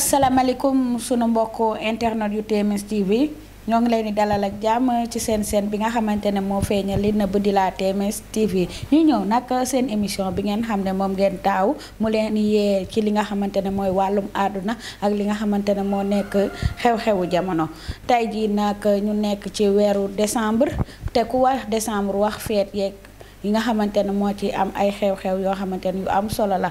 asalaamaaleykum sunu mbokk internet yu TMS TV ñoo ngi leen di dalal ak jàmm ci seen seen bi nga xamante ne moo feeñal li nëbb di laa TMS TV ñu ñëw nag seen émission bi ngeen xam ne moom ngeen taaw mu leen yee ci li nga xamante ne mooy wàllum àdduna ak li nga xamante ne moo nekk xew-xewu jamono tey jii nag ñu nekk ci weeru décembre te ku wax décembre wax feet yeeg yi nga xamante ne moo ci am ay xew-xew yoo xamante ne yu am solo la.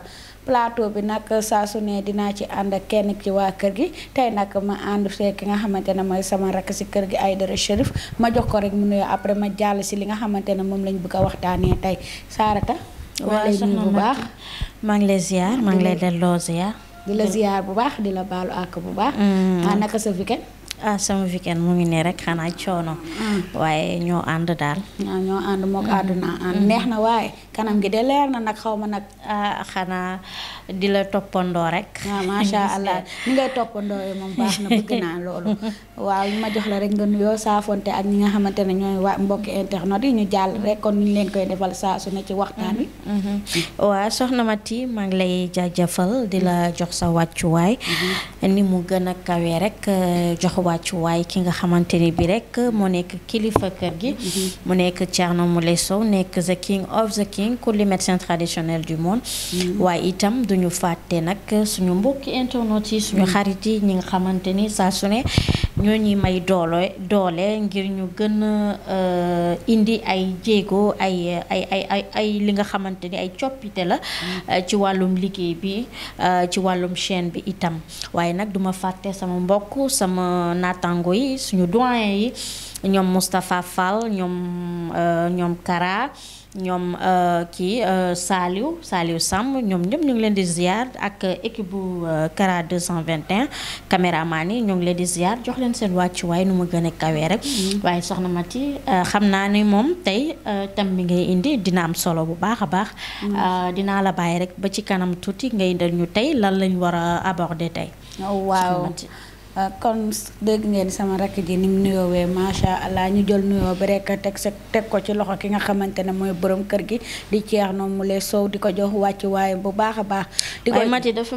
plateau bi nag saa su ne dina ci ànd ak kenn ci waa kër gi tey nag ma ànd see ki nga xamante ne mooy sama rakk si kër gi ay Aïdara Chérif ma jox ko rek mu nuyoo après ma jàll si li nga xamante ne moom lañ bëgg a waxtaanee tey Sarata. waaw soxna bu baax maa ngi lay ziar maa ngi lay delloo ziar. di la ziar bu baax di la baalu àkk bu baax. Mm. ah naka sa weekend. ah sama weekend mu ngi nii rek xanaa coono. Mm. waaye ñoo ànd daal. Ah, ñoo ànd moog àdduna ànd ah, mm. neex na waaye. kanam gi de leer na nag xaw ma nag. Ah, xanaa di la toppandoo rek. waaw ah, macha allah ni ngay toppandoo yi moom baax na bëgg naa loolu. waaw ma jox la rek nga nuyoo saafonte ak ñi nga xamante ne ñooy waa mbokki internet yi ñu jàll rek kon ñu leen koy defal saa su ne ci waxtaan wi. Mm-hmm, mm-hmm. waaw soxna Mati maa ngi lay jaajëfal di la mm-hmm. jox sa wàccuwaay. ni mu gën a kawe rek euh, jox wàccuwaay ki nga xamante ni bi rek moo nekk kilifa kër gi. mu nekk Thierno Moule Sow nekk the nañ ko li médecin traditionnel du monde mm-hmm. waaye itam duñu fàtte nag suñu mbokki internet yi suñu mm-hmm. xarit yi ñi nga xamante ni saa su ne ñoo ñuy may doole doole ngir ñu gën a euh, indi ay jéego ay ay ay ay li nga xamante ni ay coppite la mm-hmm. euh, ci wàllum liggéey bi euh, ci wàllum chaine bi itam waaye nag duma fàtte sama mbokk sama naataango yi suñu doyen yi ñoom Moustapha Fall ñoom ñoom Kara ñoom euh, kii euh, Saliou Saliou sàmm ñoom ñëpp ñu ngi leen di ziar ak équipe bu euh, Kara 221 caméraman yi ñu ngi leen di ziar jox leen seen wàccuwaay nu ma gën a kawee rek. Mm-hmm. waaye soxna Mati xam naa ne moom tey thème bi ngay indi dina am solo bu baax a baax. Mm-hmm. dinaa la bàyyi rek ba ci kanam tuuti ngay indal ñu tey lan lañ war a aborder tey. Oh, waaw Euh, kon dégg ngeen sama rakk ji ni mu nuyoowee macha allah ñu jël nuyoo bi rek teg sa teg ko ci loxo ki nga xamante ne mooy borom kër gi di ceex Thierno Moule Sow di ko jox wàcc waaye bu baax a baax. di ko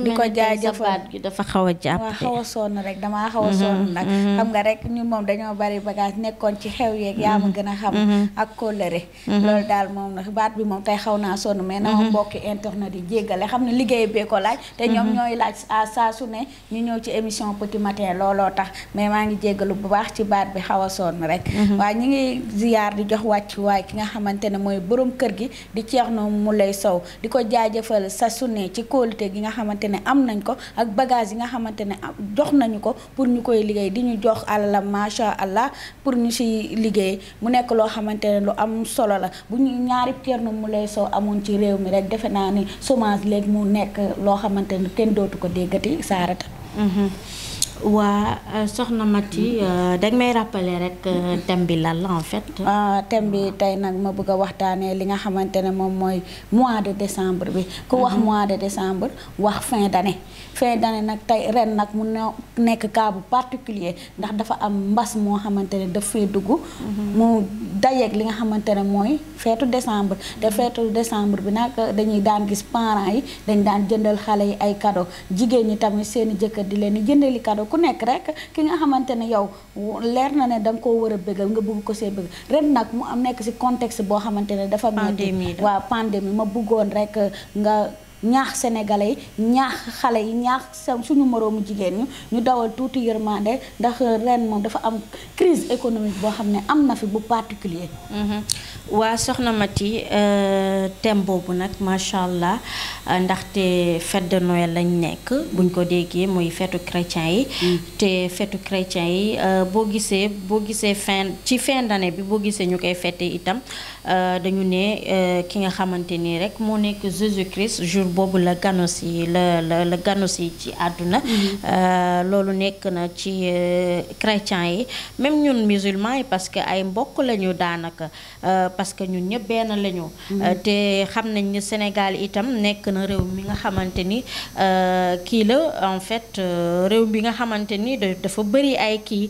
di ko jaajëfal dafa xaw a jàpp a sonn rek damaa xaw a mm-hmm, sonn nag. Mm-hmm. nga rek ñun moom dañoo bari bagage nekkoon ci xew yeeg yaa ma mm-hmm, gën a xam. ak kóllëre. loolu daal moom baat bi moom tey xaw naa sonn mais na ma mbokki internet di jéggale xam ne liggéey bee ko laaj. te ñoom ñooy laaj saa ne ñu ñëw ci émission petit matin looloo tax mais maa ngi jéggalu bu baax ci baat bi xaw a sonn rek mhm. waaye ñi ngi ziyaar di jox wàcc waaye ki nga xamante ne mooy boroom kër gi di Thierno Moulay Sow di ko jaajëfal sa sune ci kóolute gi nga xamante ne am nañ ko ak bagage yi nga xamante ne jox nañu ko pour ñu koy liggéey di ñu jox alalam macha allah pour ñu ci liggéey mu nekk loo xamante ne lu am solo la bu ñu ñaari Thierno Moulay Sow amoon ci réew mi rek defe naa ni chômage léegi mu nekk loo xamante ne kenn dootu ko déggati saarata mhm. waa euh, soxna Mati euh, dañ may rappeler rek euh, thème bi lan en fait. Ah, thème bi tey nag ma bëgg a waxtaanee li nga xamante ne moom mooy mois de décembre bi. ku wax mhm. mois de décembre wax fin d' année. fin d' nag tey ren nag mu nekk kaabu bu ndax dafa am mbas moo xamante ne daf fee dugg. Mhm. mu dajeeg li nga xamante ne mooy feetu decembre te mhm. feetu décembre bi nag dañuy daan gis parents yi dañ daan jëndal xale yi ay cadeau jigéen ñi tamit seen i jëkkër di leen jëndali cadeau. ku nekk rek ki nga xamante ne yow leer na ne da koo war a bëggal nga bëgg ko see bëgg ren nag mu am nekk ci contexte boo xamante ne dafa metti waaw pandémie ma bëggoon rek nga ñaax sénégalais yi ñaax xale yi ñaax sa suñu moroomu jigéen ñi ñu dawal tuuti yërmande ndax ren moom dafa am crise économique boo xam ne am na fi bu particulier mhm. waa soxna Mati euh, thème boobu nag macha allah euh, ndaxte fête de noyel lañ nekk buñ ko déggee mooy feetu chrétien yi mm. te feetu chrétien yi euh, boo gisee boo gisee fin ci fin d'année bi boo gisee ñu koy fête itam dañu ne ki nga xamante nii rek moo nekk Jésus Christ jour boobu la ganu si la la la ganu si ci àdduna mm-hmm. euh, loolu nekk na ci euh, chrétiens yi même ñun musulmans yi parce que ay mbokk lañu daanaka euh, parce que ñun ñëpp benn lañu mm-hmm. te xam nañ ni Sénégal itam nekk na réew mi nga xamante ni kii la en fait réew bi nga xamante ni dafa bëri ay kii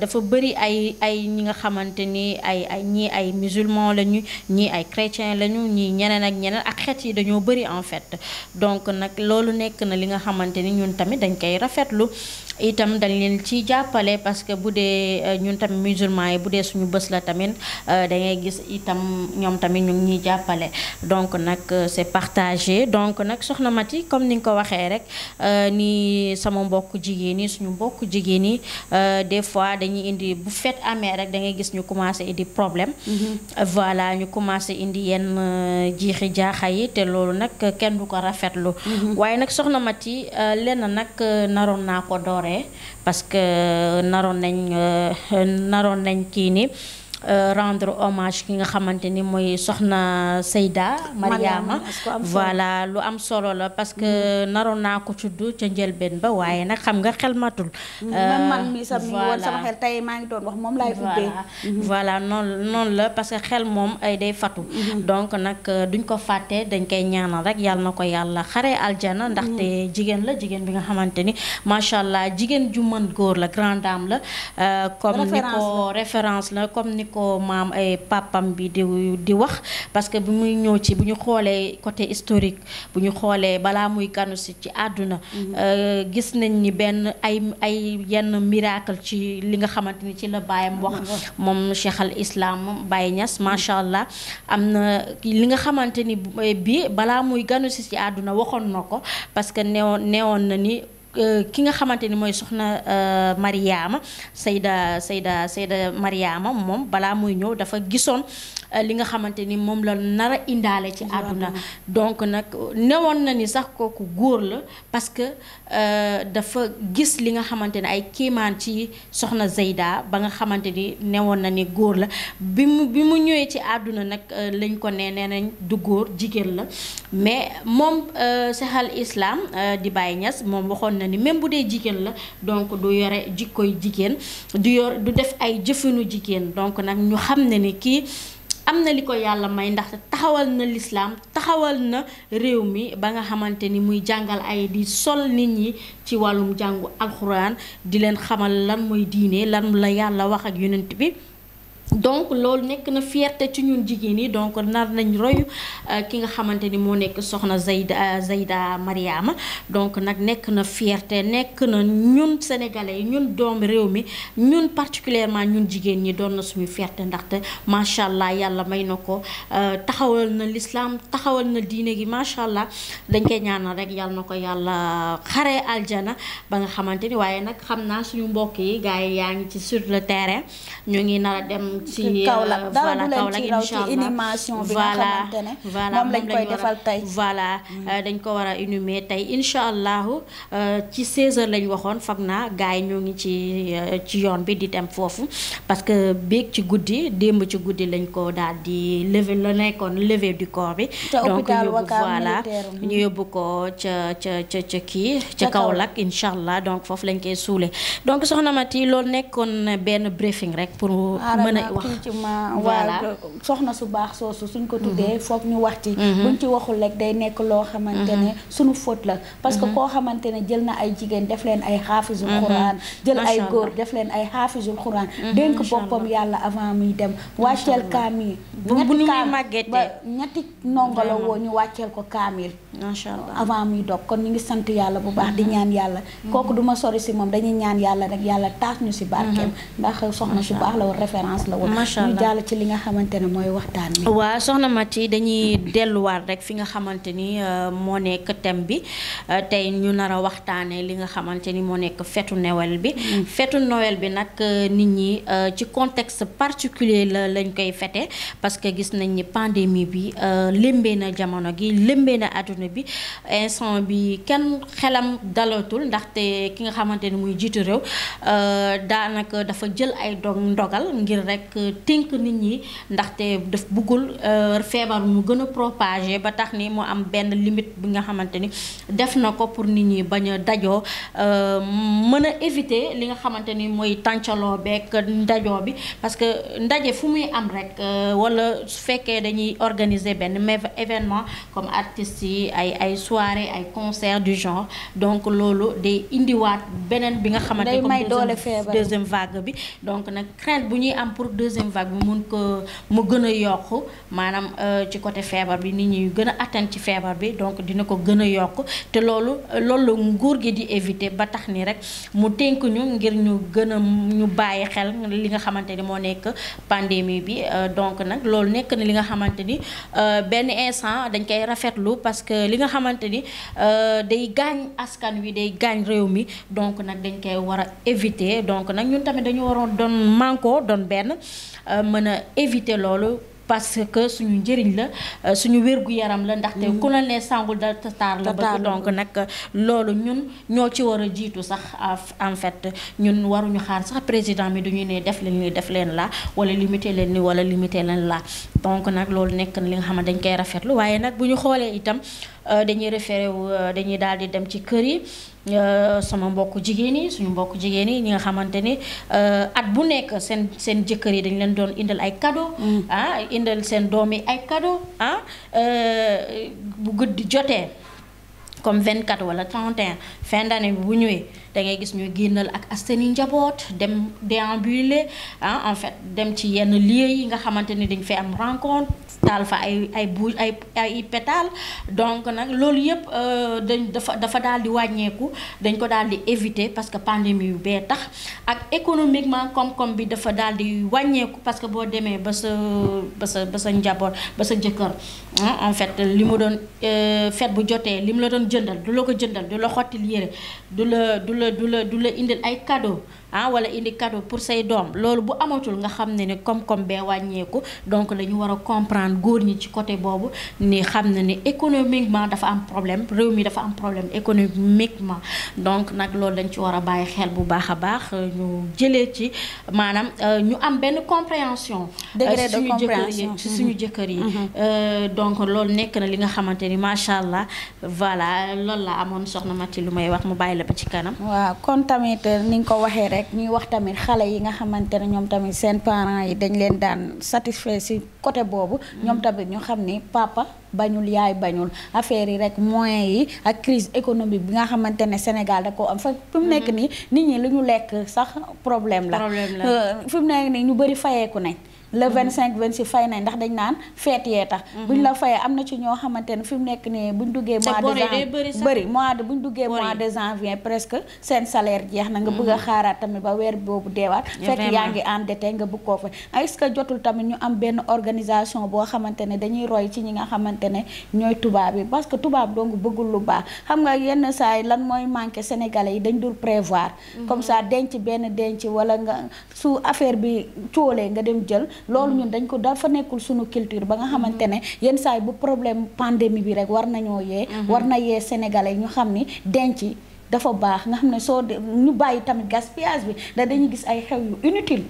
dafa bëri ay ay ñi nga xamante ni ay ay ñii ay musulman lañu ñii ay chrétien lañu ñeneen ak ñeneen yi dañoo bëri en rafet donc nag loolu nekk na li nga xamante ni ñun tamit dañ koy rafetlu itam dañ leen ci jàppale parce que bu dee euh, ñun tamit musulman yi bu dee suñu bës la tamit euh, da ngay gis itam ñoom tamit ñu ngi ñuy jàppale donc nag euh, c'est partagé donc nag soxna Mati comme ni nga ko waxee rek ni sama mbokk jigéen yi suñu mbokk jigéen yi des fois dañuy indi bu fête amee rek da ngay gis ñu commencé indi problème mm-hmm. voilà ñu commencé indi yenn jiixi jaaxa yi te loolu nag kenn du ko rafetlu mhm. waaye nag soxna Mati euh, lenn nag euh, naroon naa ko dooree parce que euh, naroon nañ naroon nañ kii ni Euh, rendre hommage ki nga xamante ni mooy soxna Seyda Mariama voilà lu am solo la parce que mm. naroon naa ko tudd ca njëlbeen ba waaye nag xam nga xel matul mm, man euh, maa ngi doon wax moom laay voilà mm-hmm. noonu la parce que xel moom ay day fatu mm-hmm. donc nag euh, duñ ko fàtte dañ koy ñaanal rek yàlla na ko yàlla xare aljana mm-hmm. ndaxte jigéen la jigéen bi nga xamante ni macha allah jigéen ju mën góor la grande dame la comme ni ko référence la comme ni ko maam ay eh, papam bi di wax parce que bu muy ñëw ci bu ñu xoolee côté historique bu ñu xoolee balaa muy ganu si ci àdduna mhm. euh, gis nañ ni benn ay ay yenn miracle ci li nga xamante ni ci la baayam wax mhm. moom Cheikh al Islam Baye Niass macha allah am na li nga xamante ni eh, bi balaa muy ganu si ci àdduna waxoon na ko parce neewoon neewoon na ni Euh, ki nga xamante ni mooy soxna euh, Mariama Seyda Seyda Seyda Mariama moom balaa muy ñëw dafa gisoon euh, li nga xamante ni moom la nar a indaale ci àdduna donc nag newoon na ni sax kooku góor la parce que dafa gis li nga xamante ni ay kiimaan ci soxna Zeyda ba nga xamante ni newoon na ni góor la bi mu bi mu ñëwee ci àdduna nag lañ ko ne nee nañ du góor jigéen la mais moom Cheikhal Islam di Baye Niass moom waxoon na ni même bu dee jigéen la donc du yore jikkoy jigéen du yor du def ay jëfinu jigéen donc nag ñu xam ne ni kii am na li ko yàlla may ndax taxawal na lislaam taxawal na réew mi ba nga xamante ni muy jàngal ay di sol nit ñi ci wàllum jàngu alxuraan di leen xamal lan mooy diine lan la yàlla wax ak yonent bi donc loolu nekk na fierté ci ñun jigéen ñi donc nar nañ roy euh, ki nga xamante ni moo nekk soxna Zayda euh, Zayda Mariama donc nag nekk na fierté nekk na ñun sénégalais yi ñun doom réew mi ñun particulièrement ñun jigéen ñi doon na suñu fierté ndaxte macha allah yàlla may na ko euh, taxawal na lislaam taxawal na diine gi macha allah dañ koy ñaanal rek yàlla na ko yàlla xare aljana ba nga xamante ni waaye nag xam naa suñu mbokk yi gars yaa ngi ci sur terrain ñu ngi nar a dem. jëm ci Kaolack euh, dara du mm. euh, dañ ko war a inhumer tey incha allahu euh, ci 16h waxoon fag naa gars yi ñoo ngi ci ci yoon bi di dem foofu parce que biig ci guddi démb ci guddi lañ ko daal di lever la nekkoon lever du corps bi donc voilà ñu yóbbu ko ca ca ca ca kii ca Kaolack incha allah donc foofu lañ koy suule donc soxna Mati loolu nekkoon benn briefing rek pour mën wax ci ma waa soxna su baax soosu suñ ko tuddee mhm. foog ñu wax ci mhm. buñ ci waxul rek day nekk loo xamante mhm. ne suñu fóot la parce que koo xamante ne jël na ay jigéen def leen ay xaafisul xuraan jël ay góor def leen ay xaafisul xuraan dénk boppam yàlla avant muy dem wàcceel kaamil ñetti kaamil ba ñetti ndongo la woo ñu wàcceel ko kaamil macha avant muy dog kon ñu ngi sant yàlla bu baax di ñaan yàlla kooku duma sori si moom dañuy ñaan yàlla rek yàlla taas ñu si barkeem ndax soxna su baax la woon référence la taxawoo ñu jàll ci li nga xamante ni mooy waxtaan bi waaw soxna yi dañuy delluwaat rek fi nga xamante ni euh, moo nekk thème bi euh, tey ñu nar a waxtaanee li nga xamante ni moo nekk fetu Noël bi mm. fetu Noël bi nag euh, nit ñi ci contexte particulier la lañ koy fete parce que gis nañ ni pandémie bi lëmbee na jamono gi lëmbee na adduna bi instant bi kenn xelam dalatul ndaxte ki nga xamante ni muy jiitu réew daanaka dafa jël ay dog ndogal ngir rek rek euh, tënk nit ñi ndaxte daf buggul euh, feebar mu gën a ba tax ni mu am benn limite bi nga xamante ni def na ko pour nit ñi bañ a dajoo euh, mën a éviter li nga xamante ni mooy tàncaloo beeg ndajoo bi parce que ndaje fu muy am rek wala su fekkee dañuy organiser benn mais événement comme artistes yi ay ay soirée ay concert du genre donc loolu day indiwaat beneen bi nga xamante comme deuxième vague bi donc nag crainte bu ñuy am pour deuxième vague bi mun ko mu gën a yokk maanaam euh, ci côté feebar bi nit ñi gën a atteindre ci feebar bi donc dina ko gën a yokk te loolu loolu nguur gi di éviter ba tax ni rek mu tënk ñu ngir ñu gën a ñu bàyyi xel li nga xamante ni moo nekk pandémie bi euh, donc nag loolu nekk na li nga xamante ni euh, benn instant dañ koy rafetlu parce que li nga xamante ni day gaañ askan wi day gaañ réew mi donc nag dañ koy war a évité donc nag ñu tamit dañu waroon doon manko doon benn Euh, mën a éviter loolu parce que suñu njëriñ la euh, suñu wérgu yaram la ndaxte mm-hmm. ku la ne sangul da taar la ba donc nag loolu ñun ñoo ci war a jiitu sax en fait ñun waruñu xaar sax président mi duñuy ne def leen nii def leen la wala limité leen nii wala limité leen la donc nag loolu nekk li nga xam ne dañ koy rafetlu waaye nag bu ñu xoolee itam Euh, dañuy référé wu euh, dañuy daal di dem ci kër yi euh, sama mbokk jigéen yi suñu mbokk jigéen yi ñi nga xamante ni at bu nekk seen seen jëkkër yi dañ leen doon indal ay cadeau mm. ah indal seen doom yi ay cadeau ah bu guddi jotee comme 24 wala 31 fin d'année bi bu ñëwee da gis ñuy génnal ak seen i njaboot dem déambuler ah en fait dem ci yenn lieux yi nga xamante ni dañ fi am rencontre taal fa ay ay bu ay ay donc nag loolu yëpp euh, dañ dafa dafa daal di wàññeeku dañ ko daal di éviter parce que pandémie yu bee tax ak économiquement koom-koom bi dafa daal di wàññeeku parce que boo demee ba sa ba sa ba njaboot ba sa jëkkër ah, en fait li mu doon euh, fête bu jotee li mu la doon jëndal du la ko jëndal du la xottil yére du la la du la du la indil ay cadeau ah wala indi cadeau pour say doom loolu bu amatul nga xam ne ne koom-koom bee wàññeeku donc dañu war a comprendre góor ñi ci côté boobu ni xam ne ne économiquement dafa am problème réew mi dafa am problème économiquement donc nag loolu dañ ci war a bàyyi xel bu baax a baax euh, ñu jëlee ci maanaam euh, ñu am benn compréhension. Euh, degré de compréhension ci suñu jëkkër yi mm-hmm. donc loolu nekk na li nga xamante ni macha allah voilà loolu la amoon soxna Mati lu may wax mu bàyyi la ba ci kanam. rek ñuy wax tamit xale yi nga xamante ne ñoom tamit seen parents yi dañ leen daan satisfait si côté boobu ñoom tamit ñu xam ni papa bañul yaay bañul affaire yi rek moyens yi ak crise économique bi nga xamante ne Sénégal da ko am fa fi nekk mm-hmm. nii nit ñi lu ñu lekk sax problème la euh, fi nekk nii ñu bëri fayeeku ne le 25 26 fay nañ ndax dañ naan feet yee tax mhm. buñ la fayee am na ci ñoo xamante ne fi mu nekk nii buñ duggee mois de bëri mois de buñ duggee mois de janvier presque seen salaire jeex na nga bëgg a mhm. xaaraat tamit ba weer boobu deewaat fekk yaa ngi endetté nga bëgg koo fay ah, est que jotul tamit ñu am benn organisation boo xamante ne dañuy roy ci ñi nga xamante ne ñooy tubaab yi parce que tubaab donc bëggul lu baax xam nga yenn saa yi lan mooy manqué sénégalais yi dañ dul prévoir mhm. comme ça denc benn denc wala nga su affaire bi cóolee nga dem jël loolu ñun dañ ko dafa nekkul suñu culture ba nga mhm. xamante ne yenn saay bu problème pandémie bi rek war nañoo yee mhm. war na yee sénégalais ñu xam ni denc dafa baax nga xam ne soo ñu bàyyi tamit gaspillage bi dañu gis ay xew yu inutile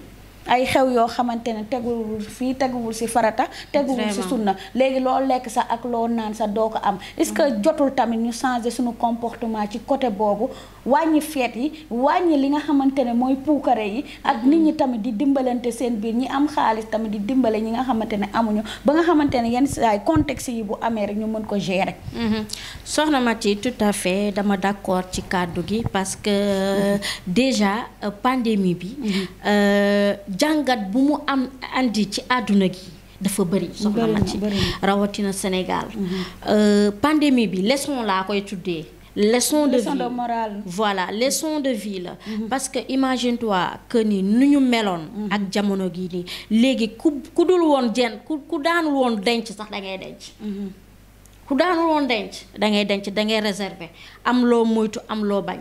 ay xew yoo xamante ne teguwul fii teguwul si farata teguwul si sunna léegi loo lekk sax ak loo naan sax doo ko am est-ce que mm. jotul tamit ñu changer suñu comportement ci côté boobu wàññi feet yi wàññi li nga xamante ne mooy puukare yi ak mm-hmm. nit ñi tamit di dimbalante seen biir ñi am xaalis tamit di dimbale ñi nga xamante ne amuñu ba nga xamante ne yenn saay contexte yi bu amee rek ñu mën ko gérer. Mm-hmm. soxna Mathi tout à fait dama d'accord ci kaddu gi parce que mm-hmm. déjà euh, pandémie bi euh, jàngat bu mu am andi ci àdduna gi dafa bëri soxna ma ci rawatina Sénégal mhm. euh, pandémie bi leçon laa koy tuddee leçon de leçon vie de voilà leçon de vie la. Mm parce que imagine toi que ni nu ñu meloon. Mhm. ak jamono gii nii léegi ku ku dul woon jenn ku ku daanul woon denc sax dangay ngay denc. Mhm. ku daanul woon denc da ngay denc da ngay réserver am loo moytu am loo bañ.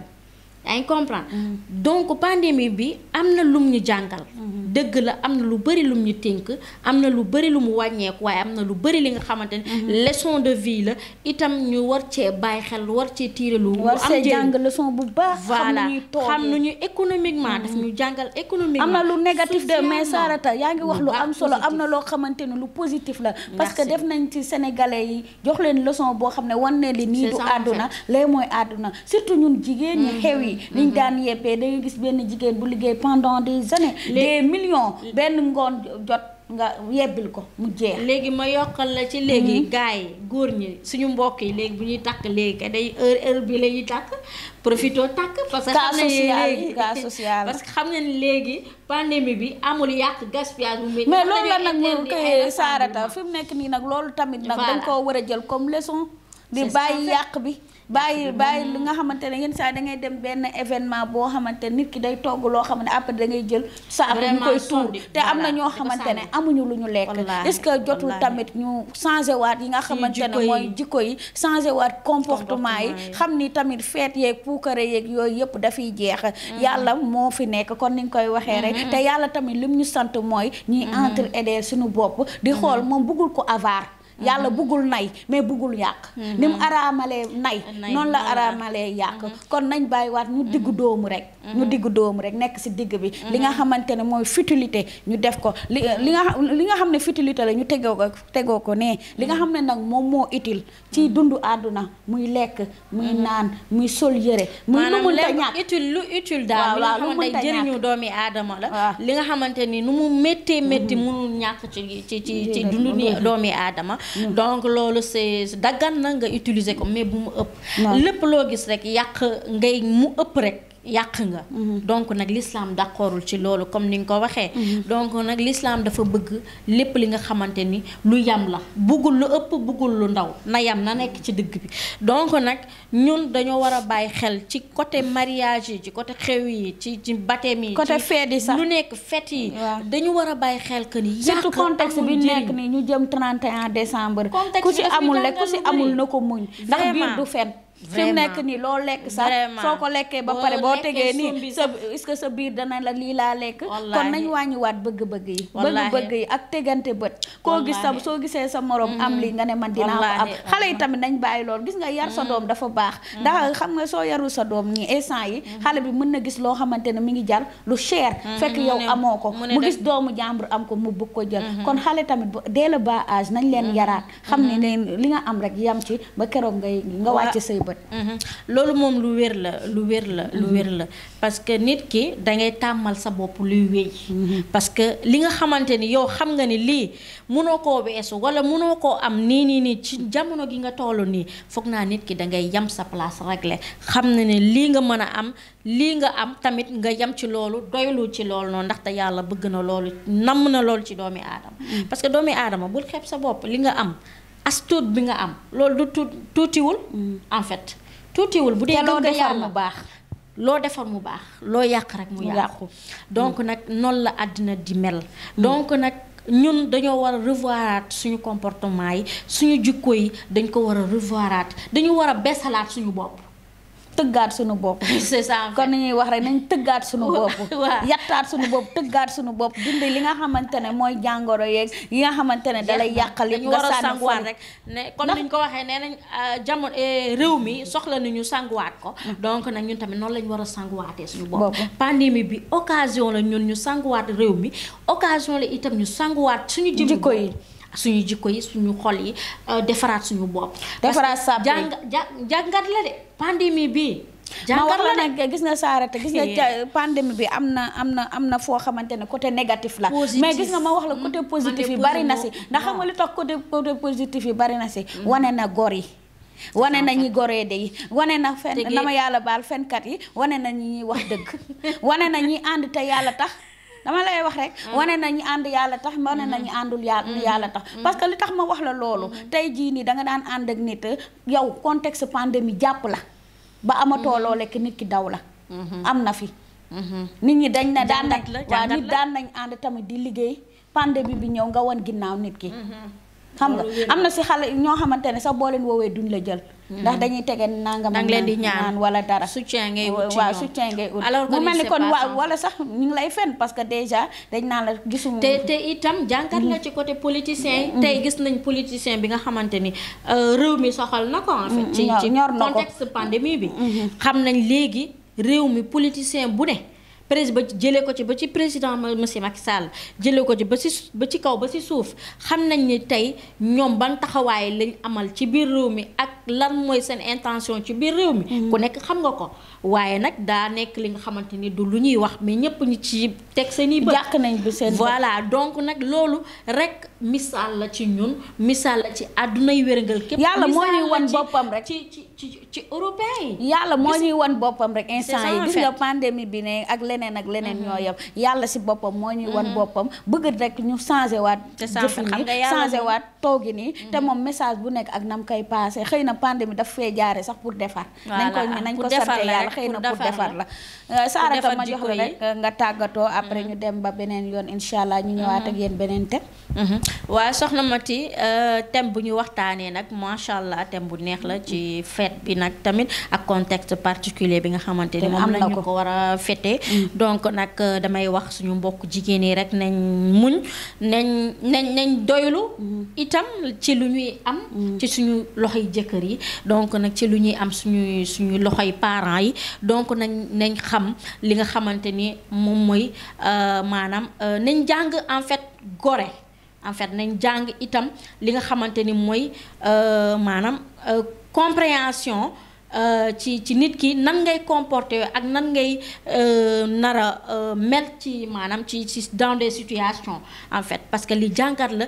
yaa ngi comprendre. Mm-hmm. donc pandémie bi am na lu ñu jàngal. Mm-hmm. dëgg la am na lu bëri lu ñu tënk am na lu bëri lu mu wàññeeku waaye am na lu bëri li nga xamante ne. Mm-hmm. leçon de vie la itam ñu war cee bàyyi xel war cee tiire lu. war cee jàng leçon bu baax. voilà xam nu ñu économiquement daf ñu jàngal économiquement. am na lu négatif de mais Sarata yaa ngi wax lu am solo am na loo xamante ne lu positif la. parce que def nañ ci sénégalais yi jox leen leçon boo xam ne wan ne li nii àdduna lee mooy àdduna surtout ñun jigéen ñi xew yi yi niñ daan yeppee da gis benn jigéen bu liggéey pendant des années des millions benn ngoon jot nga yebbil ko mu jeex léegi ma yokkal la ci léegi mhm. gars yi góor ñi suñu mbokk yi léegi bu ñuy takk léegi kay day heure heure bi la ñuy takk profito takk parce que xam nañ léegi cas parce que xam nañ léegi pandémie bi amul yàq gaspillage bu mais loolu la nag saarata fi mu nekk nii nag loolu tamit nag dañ koo war a jël comme leçon di bàyyi yàq bi bàyyi bàyyi lu nga xamante ne yenn saa da ngay dem benn événement boo xamante nit ki day togg loo xam ne après da ngay jël saako ñu koy tuur te am na ñoo xamante ne amuñu lu ñu lekk est-ce que jotul tamit ñu changé waat yi nga xamante ne mooy jikko yi changé waat comportement yi xam ni tamit feet yeeg puukare yeeg yooyu yëpp dafiy jeex mm-hmm. yàlla moo fi nekk kon ni nga koy waxee rek mm-hmm. te yàlla tamit lim ñu sant mooy ñuy mm-hmm. entre aider suñu bopp di xool moom bëggul ko avare yàlla buggul nay mais buggul yàq mhm. ni mu araamalee nay noonu la araamalee yàq mhm. kon nañ bàyyiwaat ñu digg mhm. doomu rek ñu diggu doomu rek nekk si digg bi li nga xamante ne mooy futilité ñu def ko li li nga li nga xam ne futilité la ñu tegoo ko tegoo ko nee li nga xam ne nag moom moo utile ci dundu àdduna muy lekk naan muy sol yëre muy lu mun ta ñàkk utile lu utile doomi aadama la li nga xamante ni nu mu méttee métti mënul ñàkk ci ci ci ci doomi aadama Mm. donc loolu c'est daggan na nga utiliser ko mais bu mu ëpp lépp loo gis rek yàq ngay mu ëpp rek yàq nga mhm. donc nag l'islam d'accordul ci loolu comme ni nga ko waxee mhm. donc nag l'islam dafa bëgg lépp li nga xamante ni lu yam la buggul lu ëpp buggul lu ndaw na yam na nekk ci digg bi donc nag ñun dañoo war a bàyyi xel ci côté mariage yi ci côté xew yi ci ci baptême yi côté fête sax lu nekk fet yi dañu war a bàyyi xel que ni surtout contexte bi nekk ni ñu jëm 31 décembre ku si amul rek ku amul na ko muñ ndax biir du fen fi mu nekk nii loo lekk sax soo ko lekkee ba pare boo tegee nii sa est que sa biir dana la lii laa lekk kon nañ wàññiwaat bëgg-bëgg yi bëgg-bëgg yi ak tegante bët koo gis sa soo gisee sa morom am mm-hmm. lii nga ne man dinaa ko am xale yi tamit nañ bàyyi lool gis nga yar sa mm-hmm. doom dafa baax mm-hmm. ndax xam nga soo yarul sa doom nii instant yi xale bi mën na gis loo xamante ne mu ngi jar lu cher fekk yow amoo ko mu gis doomu jàmbur am ko mu bëgg ko jël kon xale tamit dès le bas âge nañ leen yaraat xam ne li nga am rek yam ci ba keroog ngay nga wàcc say bët. Mm-hmm. loolu moom lu wér la lu wér la lu mm-hmm. wér la parce que nit ki da ngay tàmmal sa bopp luy wéy. Mm-hmm. parce que li nga xamante ni yow xam nga ni lii munoo koo weesu wala munoo koo am nii nii nii ci jamono gi nga toll nii foog naa nit ki da ngay yam sa place réglé xam na ne lii nga mën a am lii nga am tamit nga yam ci loolu doylu ci loolu noonu ndaxte yàlla bëgg na loolu namm na loolu ci doomi aadama. parce doomi aadama bul xeeb sa bopp li nga am. as tuut bi nga am loolu du tuutiwul mm. en fait tuutiwul bu dee loo defar mu baax loo defar mu baax loo yàq rek mu yàqu donc mm. nag noonu la àddina di mel mm. donc nag ñun dañoo war a revoiraat suñu comportement yi suñu jikko yi dañ ko war a revoiraat dañu war a beesalaat suñu bopp tëggaat suñu bopp. c'est ça kon ni ñuy wax rek nañ tëggaat suñu bopp. waaw yattaat suñu bopp tëggaat suñu bopp dindi li nga xamante ne mooy jàngoro yeeg yi nga xamante ne dalay yàqal yëpp nga sànni foofu rek ne kon niñ ko waxee nee nañ euh, jamono eh, réew mi soxla nañu sanguwaat ko mm. donc nañ ñun tamit noonu lañ war a sanguwaatee suñu bopp pandémie bi occasion la ñun ñu sanguwaat réew mi occasion la itam ñu sanguwaat suñu jikko yi suñu jikko yi suñu xol yi euh, defaraat suñu bopp. defaraat sa jàng jàngat la de pandémie bii. jàngat la nag gis nga saara te gis nga bi am na am na am na foo xamante ne côté négatif la mais gis nga ma wax la côté hmm? positif yi bari na si ndax xam nga li tax côté côté positif yi bari na si hmm. wane na gor yi wane na ñi goree de yi wane na fen na yàlla baal fenkat yi wane na ñi wax dëkk wane na ñi ànd te yàlla tax dama lay wax rek mm-hmm. wane nañu ànd yàlla tax wane nañu mm-hmm. àndul mm-hmm. yàlla tax parce que li tax ma wax la loolu tey jii nii danga daan ànd ak nit yow contexte pandémie jàpp la ba amatoo loo lekk nit ki daw la am na fi nit ñi dañ na daan nañ waaw nit daan nañ ànd tamit di liggéey pandémie bi ñëw nga woon ginnaaw nit ki xam nga am na si xale ñoo xamante ne sax boo leen woowee duñ la jël. Mm-hmm. ndax dañuy tege nangam naan leen di ñaan wala dara. soutien ngay ut waaw soutien ngay ut. alors mu mel ni kon waa wala sax ñu ngi lay fen parce que déjà dañ naa la gisuma. te te itam jàngat la mm-hmm. ci côté politicien yi. Mm-hmm. tey gis nañ politicien bi nga xamante ni euh, réew mi soxal na ko. en fait ci ci contexte pandémie bi. xam nañ léegi réew mi politicien bu ne. prés ba jëlee ko ci ba ci président monsieur Macky Sall jëlee ko ci ba ci ba ci kaw ba ci suuf xam nañ ni tey ñoom ban taxawaay lañ amal ci biir réew mi ak lan mooy seen intention ci biir réew mi mm-hmm. ku nekk xam nga ko waaye nag daa nekk li nga xamante ni du lu ñuy wax mais ñëpp ñu ci teg seen i bët jàq nañ bu seen voilà donc nag loolu rek misaal la ci ñun misaal la ci àdduna yi wérngal képp yàlla moo ñuy wan boppam rek ci ci ci ci européen yi yàlla moo ñuy wan boppam rek instant yi gis nga pandémie bi ne ak leneen ak leneen ñoo mm-hmm. yem yàlla si boppam moo ñuy wan mm-hmm. boppam bëgg rek ñu changé waat jëf ni changé waat toogi nii te moom message bu nekk ak nam koy passé xëy na pandémie dafa fee jaare sax pour defar nañ ko nañ ko sante yàlla xëy na pour defar la euh, saaraka ma jox la rek euh, nga tàggatoo après mm-hmm. ñu dem ba beneen yoon incha allah ñu ñëwaat ak mm-hmm. beneen te Mm-hmm. waaw soxna Mati euh, thème bu ñuy waxtaanee nag macha allah thème bu neex la ci fête bi nag tamit ak contexte particulier bi nga xamante ni moom la ñu ko war a fêter. Mm. donc nag euh, damay wax suñu mbokk jigéen yi rek nañ muñ nañ nañ nañ doylu mm. itam ci lu ñuy am. Mm. ci suñu loxoy jëkkër yi donc nag ci lu ñuy am suñuy suñu loxoy parents yi donc nañ nañ xam li nga xamante ni moom mooy euh, maanaam nañ jàng en fait gore. en fait nañ jàng itam li nga xamante ni mooy euh, maanaam euh, compréhension euh, ci ci nit ki nan ngay comporter ak nan ngay nara a mel ci maanaam ci ci dans des situations en fait parce que li jàngat la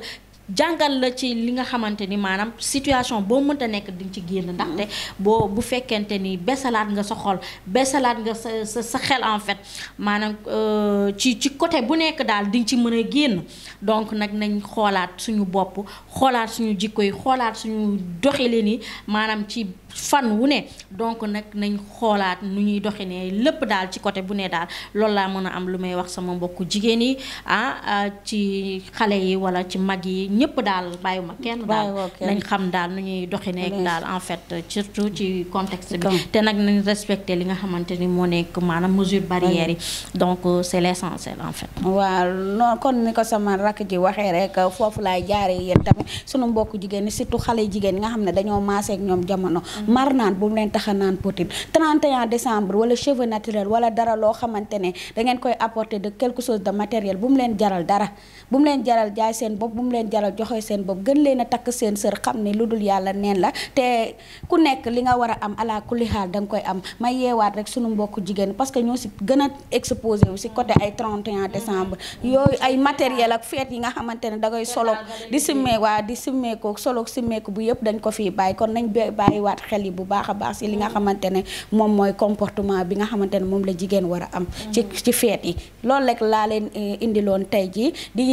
jàngal la ci li nga xamante ni maanaam situation boo mënta nekk di ci génn mm-hmm. ndaxte boo bu fekkente ni besalaat nga sa xol besalaat nga sa sa sa xel en fait maanaam euh, ci ci côté bu nekk daal di ci mën a génn donc nag nañ xoolaat suñu bopp xoolaat suñu jikko yi xoolaat suñu doxalin yi maanaam ci. fan wu ne donc nag nañ xoolaat nu ñuy doxinee lépp daal ci côté bu ne daal loolu laa mën a am lu may wax sama mbokku jigéen yi ah, ah ci xale yi wala ci mag yi ñëpp daal bàyyiwuma kenn daal nañ xam daal nu ñuy doxinee daal en fait surtout ci contexte bi te nag nañ respecté li nga xamante ni moo nekk maanaam mesure barrières yi donc euh, c'est l'essentiel en fait waaw non kon ni ko sama rakk ji waxee rek foofu laay jaaree yéen tamit sunu mbokku jigéen yi surtout xale jigéen yi nga xam ne dañoo maase ak ñoom jamono mar naan bu mu leen tax a naan potim 31 décembre wala cheveux naturel wala dara loo xamante ne da ngeen koy apporter de quelque chose de matériel bu mu leen jaral dara bu mu leen jaral jaay seen bopp bu leen jaral joxe seen bopp gën leen a takk seen sër xam ne lu dul yàlla neen la te ku nekk li nga war a am ala kulli xaal da koy am may yeewaat rek sunu mbokku jigéen parce que ñoo si gën a exposé wu si côté ay 31 décembre yooyu ay matériel ak fête yi nga xamante ne da ngay solo di simmee di simmee solo simmee bu yëpp dañ ko fii bàyyi kon nañ bàyyiwaat xel yi bu baax a baax si li nga xamante ne moom mooy comportement bi nga xamante ne moom la jigéen war a am ci feet yi loolu rek laa leen eh, indiloon tey jii di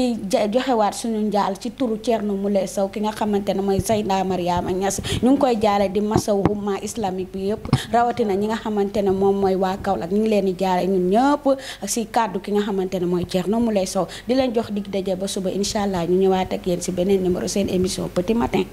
joxewaat suñu njaal ci turu Thierno Moule Sow ki nga xamante ne mooy Seyda Mariama Niass ñu ngi koy jaale di masawu umma islamique bi yëpp rawatina ñi nga xamante ne moom mooy waa Kaolack ñu ngi leen di jaale ñun ñëpp si kàddu ki nga xamante ne mooy Thierno Moule Sow di leen jox dig daje ba suba incha allah ñu ñëwaat ak yéen si beneen numéro seen émission petit matin